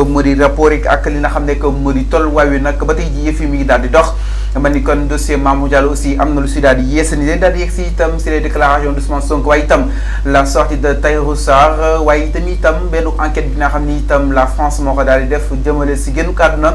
que mu di rapport yi ak li na xam ne que mu di tolluwaay wi nag ba tey ji yëf yi mi ngi daal di dox ma ni kon dossier Mamour Diallo aussi am na lu si daal di yeesani leen daal di yegg si itam si les déclarations d'Ousmane Sonko waaye itam la sortie de Tahirou Sarr waaye itam itam benn enquête bi nga xam ni itam la France moo ko daal di def jëmale si génn kàdduna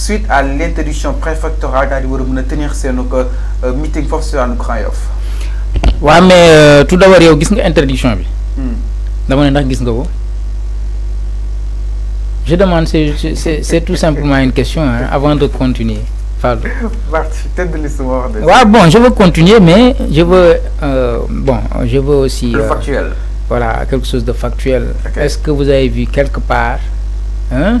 suite à l'interdiction préfectorale d'aller tenir ce euh, euh, meeting Force. à daanu Oui, mais euh, tout d'abord il y a une interdiction bi. Hmm. dama je demande c'est tout simplement une question hein, avant de continuer Pardon. Ouais, bon, je veux continuer, mais je veux euh, bon, je veux aussi Le factuel. voilà quelque chose de factuel. Est-ce que vous avez vu quelque part hein,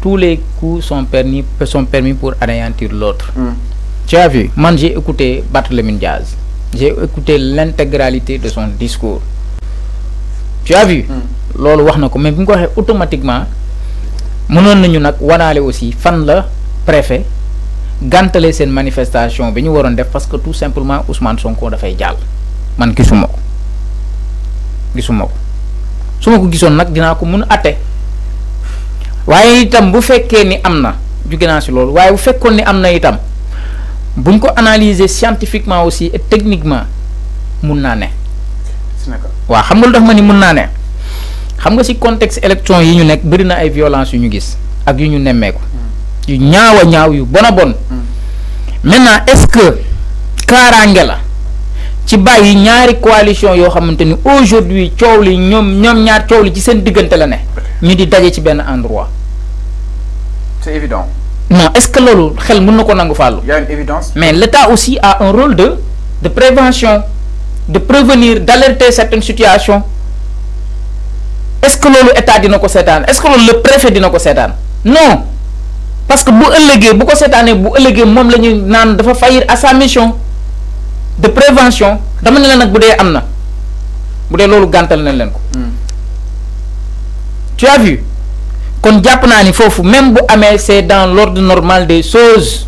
tous les coups sont permis, sont permis pour anéantir l'autre. Hmm. Tu as vu, moi j'ai écouté Barthélemy Diaz. J'ai écouté l'intégralité de son discours. Tu as vu ce hmm. que mais automatiquement mënoon nañu nag aussi fan la préfet ganteler cette manifestation bi ñu def parce que tout simplement Ousmane Sonko fay jàll man gisuma ko gisuma ko su ma ko gisoon nag ko mun atte waaye itam bu fekkee ni am na jóge naa si loolu waaye bu fekkoon ni am na itam buñ ko analyser scientifiquement aussi et techniquement mun naa ne. waaw xam nga lu tax ma ni mun naa ne xam nga si contexte élection yi ñu nekk bëri na ay violence yu ñu gis ak yu ñu nemmeeku. Hmm. yu ñaaw a ñaaw yu bon a bon. Hmm. maintenant est-ce que kaaraange la ci bàyyi ñaari coalition yoo xamante ni aujourd'hui coow li ñoom ñoom ñaar coow li ci seen diggante la ne. ñu di daje ci benn endroit. évident. non est-ce que l'eau xel mën na ko Il y a une évidence. mais l'État aussi a un rôle de de prévention de prévenir d'alerter certaines situations est-ce que l'état État dina ko est-ce que le préfet dit ko non parce que vous ëllëgee bu ko année bu ëllëgee moom la ñuy faillir à sa mission de prévention dama ne la nag bu dee am hmm. tu as vu kon jàpp naa même bu c'est dans l'ordre normal des choses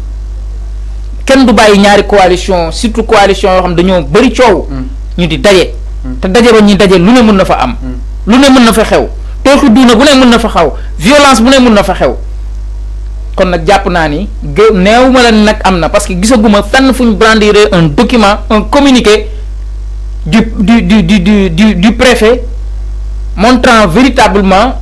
kenn du bàyyi ñaari coalition surtout coalition yoo xam dañoo bëri coow mm. ñu di d'ailleurs mm. te ba ne na fa am mm. lu ne na fa xew na fa xaw violence bu ne mën na fa xew kon ni parce que gisaguma fenn fu un document un communiqué du du du du du du préfet montrant véritablement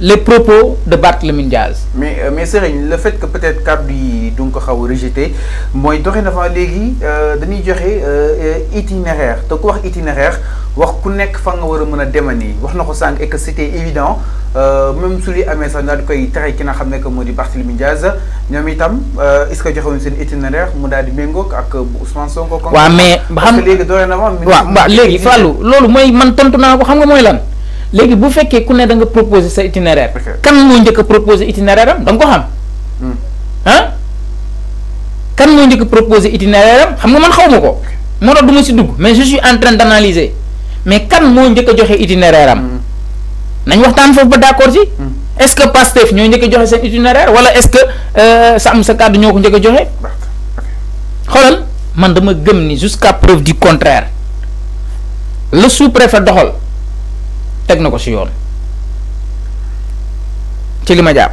les propos de Barthélémy Diaz. mais euh, mais Serigne le fait que peut-être kàddu yi du xaw a rejeté mooy dorénavant léegi euh, dañuy joxe euh, itinéraire te ku wax itinéraire wax ku nekk fa nga war a mën a demani wax na ko et que c'était évident Euh, même su li amee sax daal di koy tere ki nga xam ne que moo di Barthélémy Diaz ñoom itam est-ce que joxe wuñ itinéraire mu daal di méngóog ak Ousmane Sonko. waaw mais xam nga léegi dorénavant. waaw waaw léegi Fallou loolu mooy man tontu naa ko xam nga mooy lan léegi bu fekkee ku ne da nga proposer sa itinéraire. kan moo njëkk proposer itinéraire am da nga Quand xam. ah kan moo njëkk proposer itinéraire am xam nga man xaw ma mais je suis en train d'analyser. mais kan moo njëkk a l'itinéraire, itinéraire am. Hmm. nañ waxtaan foofu ba d'accord ci. Hmm. est ce que Pastef ñoo njëkk a joxe itinéraire wala est ce que euh, Sa Kàddu ñoo ko njëkk a joxe. xoolal man dama gëm ni preuve du contraire le sous-préfet doxal. teg na ko ci yoon ci li ma jàpp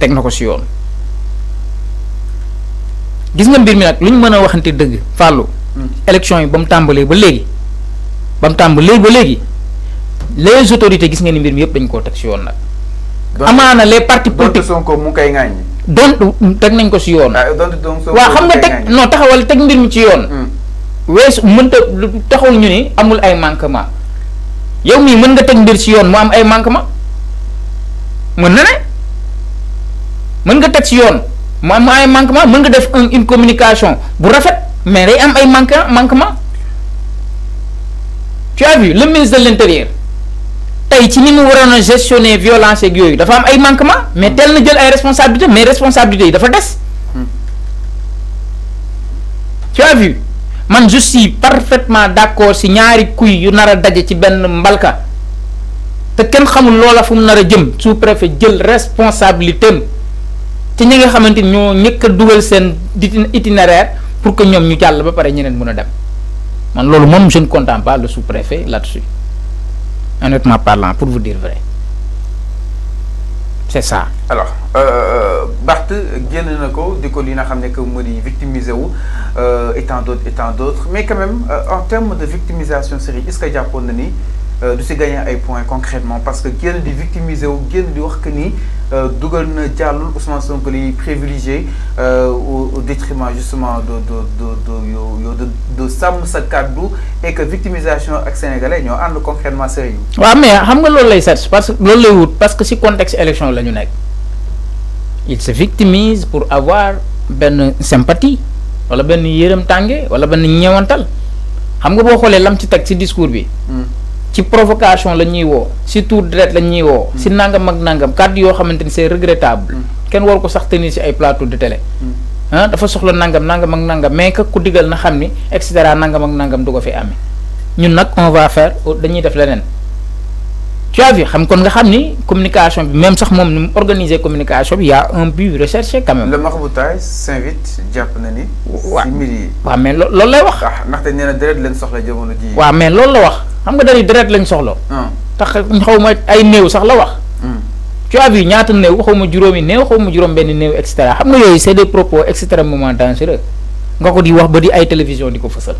teg na ko ci yoon gis nga mbir mi nag lu ñu mën a waxante dëgg fàllu mm. élection yi ba mu tàmbalee ba léegi ba mu tàmbalee ba léegi les autorités gis ngeen ni mbir mi yëpp dañ koo teg ci yoon nag. amaana les partis politiques Sonko mu koy ŋaññi. doon teg nañ ko ci yoon. Ah, waa xam nga teg noo taxawal teg mbir mi ci yoon. Mm. weesu mënta taxawul ñu ni amul ay manquement. yow mi mën nga teg mbir ci yoon mu am ay manquement mën na ne mën nga teg ci yoon mu am ay manquement mën nga def une communication bu rafet mais day am ay manque manquement tu as vu le ministre de l'intérieur tey ci ni mu waroon a gestionner violence ak yooyu dafa am ay manquement mais tel na jël ay responsabilités mais responsabilités yi dafa des hmm. tu as vu je suis parfaitement d'accord si ñaari kuy yu nara ci mbalka xamul loola sous-préfet jël responsabilité ci ñi nga que ñoo itinéraire pour que ñom ñu jall ba paré ñeneen je ne contente pas le sous-préfet là-dessus honnêtement parlant pour vous dire vrai c'est ça alors. Euh, Bart génn na ko di ko li nga que victimisé wu euh, et tant d'autres et tant d'autres mais quand même euh, en termes de victimisation série, est-ce que jàppoon na euh, du si gagner ay points concrètement parce que génn di victimisé wu génn di wax que ni euh, dugal na jàllul Ousmane Sonko li privilégié au détriment justement de de de de de de sàmm sa kàddu et que victimisation ak sénégalais ñoo ànd concrètement sérieux. waaw mais xam nga loolu lay parce que loolu lay wut parce que si contexte élection la ñu il se victimise pour avoir benn sympathie wala benn yërëm tànge wala benn ñeewantal xam nga boo xoolee lam ci teg ci discours bi. Hmm. ci provocation la ñuy woo surtout tour deret ñuy woo. si hmm. nangam ak nangam kàddu yoo xamante ni c'est regrettable. Hmm. kenn waru ko sax tenir si ay plateau de télé. ah dafa soxla nangam nangam ak nangam mais que ku digal na xam ni et cetera nangam ak nangam du ko fi amee ñun nag on fair faire dañuy def leneen. tu as vu xam nga communication même si on ni communication il y' a un but recherché quand même. le s'invite mais loo lay wax. Ah, mais c'est la wax xam nga Tu as sais, tu tax vu, ay train sax la hmm. tu as vu ñaata a xaw xam nga des propos extrêmement dangereux nga ko di wax ba di ay télévision di ko ça.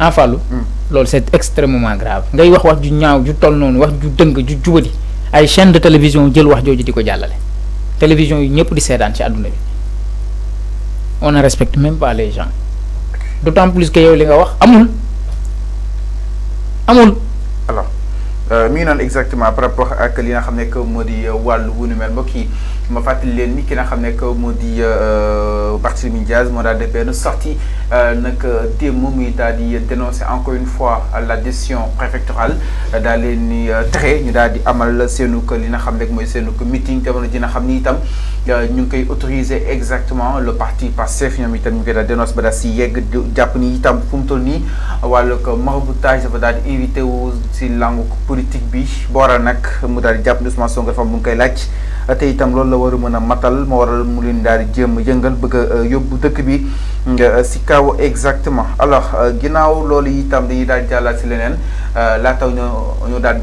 en hein, loolu c'est extrêmement grave ngay wax wax ju ñaaw ju toll noonu wax ju dëng ju jubadi ay chaîne de télévision jël wax jooju di ko télévision yi ñëpp di seedaan ci àdduna bi on ne respecte même pas les gens d'autant plus que yow li nga wax amul amul. alors euh, mi ngi exactement par rapport ak li nga xam ne que moo di euh, wàllu mel mbokk ma fatil leen ni ki nga xam ne que moo di euh, euh, Barthélémy Diaz moo daal def benn sortie euh, nak démb muy daal di dénoncer encore une fois la décision préfectorale daal leen ni très ñu daal di amal senu que li nga xam ne mooy seenu que meeting te ji dina xam ni tam ñu ngi koy autoriser exactement le parti Pastef ñoom itam ñu koy daal dénonce ba daal si yegg ni itam fu mu toll nii wàllu que maraboutage dafa daal di invité wu si langue politique bi booral nak mu daal di jàpp ni Ousmane Sonko dafa mu ngi koy te itam loolu la war a mën a matal moo waral mu leen daal di jéem yëngal bëgg a euh, yóbbu dëkk bi euh, si kaw exactement alors euh, ginnaaw loolu itam dañuy daal jàllal si leneen laataw ñu ñu daal